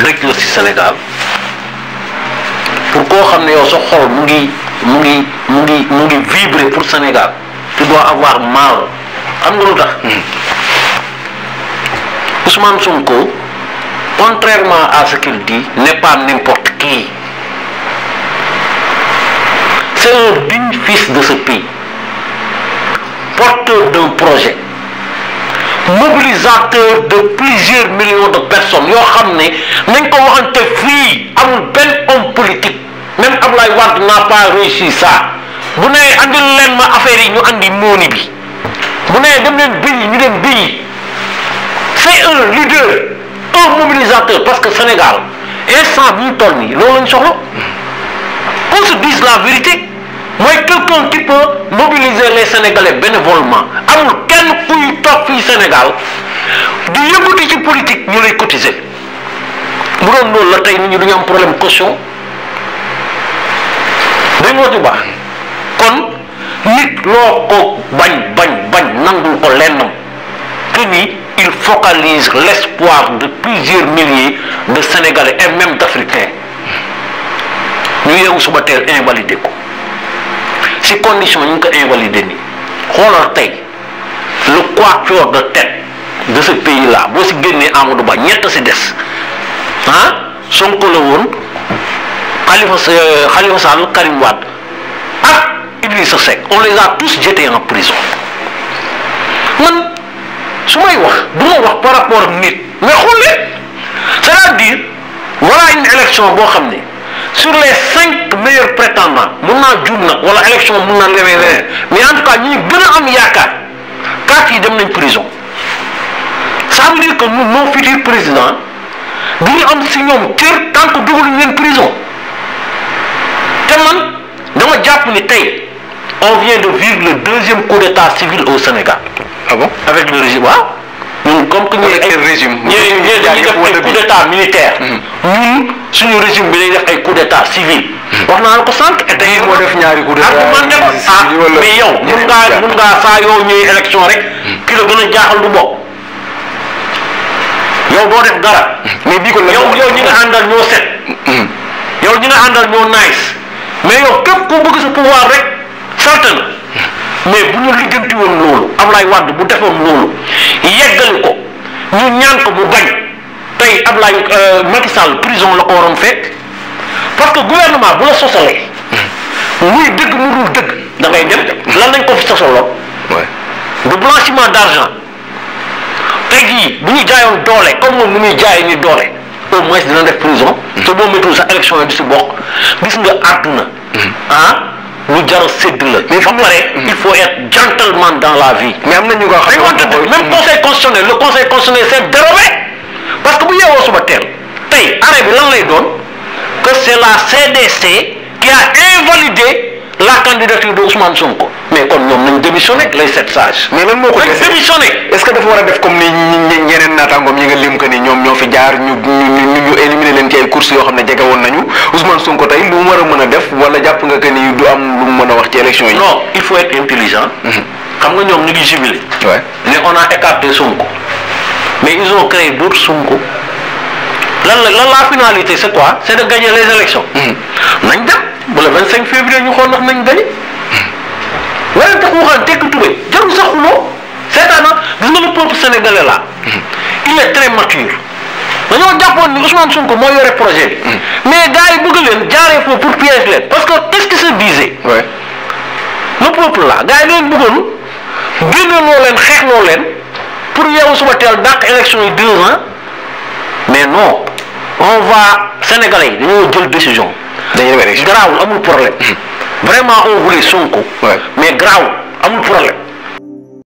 mbég la Sénégal Pourquoi koo xam ne yow sa vibrer pour Sénégal tu dois avoir mal hmm. Ousmane Sonko contrairement à ce qu'il dit n'est pas n'importe qui c'est le bénéfice de ce pays porteur d'un projet mobilisateur de plusieurs millions de personnes yoo xam ne nañ ko waxante fii amul benn homme politique même Ablaye Ward n'a pas réussi ça bu nee andil leen ma affaire yi ñu andi mooni bi bu nee dem leen biñi ñu dem c'est un leader un mobilisateur parce que Sénégal est sans ñu toll nii loolu lañ se dise la vérité mais quelqu'un qui peut mobiliser les sénégalais bénévolement amul kenn kuy toog fi Sénégal du yëngatu ci politique ñu lay cotiser bu doon loolu la tey nit du am problème caution dañ wax nous baax kon nit loo ko bañ bañ bañ nangul ko il focalise l'espoir de plusieurs milliers de sénégalais et même d'africains ñu yeewu suba teel invalidé ko. ci condition ñu ko invalider ni xolal tay le coiffure de tête de ce pays là bo ci génné amadou ba ñett ci dess han ah, sonko la won khalifa euh, khalifa sall karim wad ak idriss sek on les a tous jetés en prison man sumay wax duma wax par rapport nit mais xolé c'est à dire voilà une élection bo xamné sur les cinq meilleurs prétendants nous naa juum wala élection mais en tout cas ñi gën a am yaakaar quatre yi dem nañ prison ça veut dire que nous, nos futurs présidents nous avons am un tant que dugaluñ leen prison te prison. Tellement, dans on vient de vivre le deuxième coup d'état civil au Sénégal. ah bon avec le régime comme que ñu nekk seen régime. ñu ñu def ay coup d'état militaire. Hmm. ñun suñu régime bi dañuy def ay coup d'état civil. Hmm. wax naa la ko sànq. dañuy moo def ñaari coup d'état argumenté ah, mais yow mun ngaa mun ngaa saa yoo ñëwee élection rek. Hmm. ki la gën a jaaxal du bokk. yow doo def dara. mais bii ko la yow yow ñi nga àndal ñoo set. yow ñi nga àndal ñoo nice. mais yow képp ku bëgg sa pouvoir rek salte na. mais bu ñu lijjanti woon loolu Ablaye Wade bu defoon loolu yeggali ko ñu ñaan ko mu bañ tey Ablaye euh, Macky Sall prison la ko waroon fekk parce que gouvernement bu la sosalee muy dëgg mu dul dëgg da dem lan lañ ko fi sosaloo du blanchiment d'argent tey jii bu ñu jaayoon doole comme moom nu muy jaay ni doole au moins dina def prison mm-hmm. te boo méttul sa élection yi di si bokk gis nga àdduna mm-hmm. ah? lu jaro sedd la mais fa paré il faut être gentleman dans la vie mais amna ñu ko xam même conseil constitutionnel le conseil constitutionnel c'est dérobé parce que bu yewo suba tel tay arrêt bi lan lay doon que c'est la CDC qui a invalidé la candidature de Ousmane Sonko mais kon ñom nañ démissionné lay sept sages mais lan moko déssé démissionné est ce que dafa wara def comme ni ñeneen natangom ñi nga lim que ni ñom ñoo fi jaar ñu ñu éliminer leen ci ay courses yo xamne jégué won nañu Ousmane Sonko tay lu wara mëna def wala japp nga élection non il faut être intelligent. Mhm. xam nga ñoom ñu ngi jubilé. waaw mais on a écarté Sonko. mais ils ont créé d'autres Sonko. lan la la finalité c'est quoi c'est de gagner les élections. Mhm. nañ dem bu le 25 février ñu xool ndax nañ gagné. Mhm. wala tax waxaan tekki Touré jarul sax xuloo c'est-à-dire gis nga le peuple sénégalais là. il est très mature. dañoo jàppoon ni Ousmane Sonko moo yore projet bi. mais gars yi bëgg leen jaaree foofu pour piéger leen parce que qu'est-ce qui se Ouais. le la gars yi leen bëggoon génne loo xeex loo leen pour yow teel dàq élection yi deux ans mais non on va sénégalais yi dañoo jël décision. dañuy garaawul amul problème. vraiment on voulait Sonko. mais garaawul amul problème.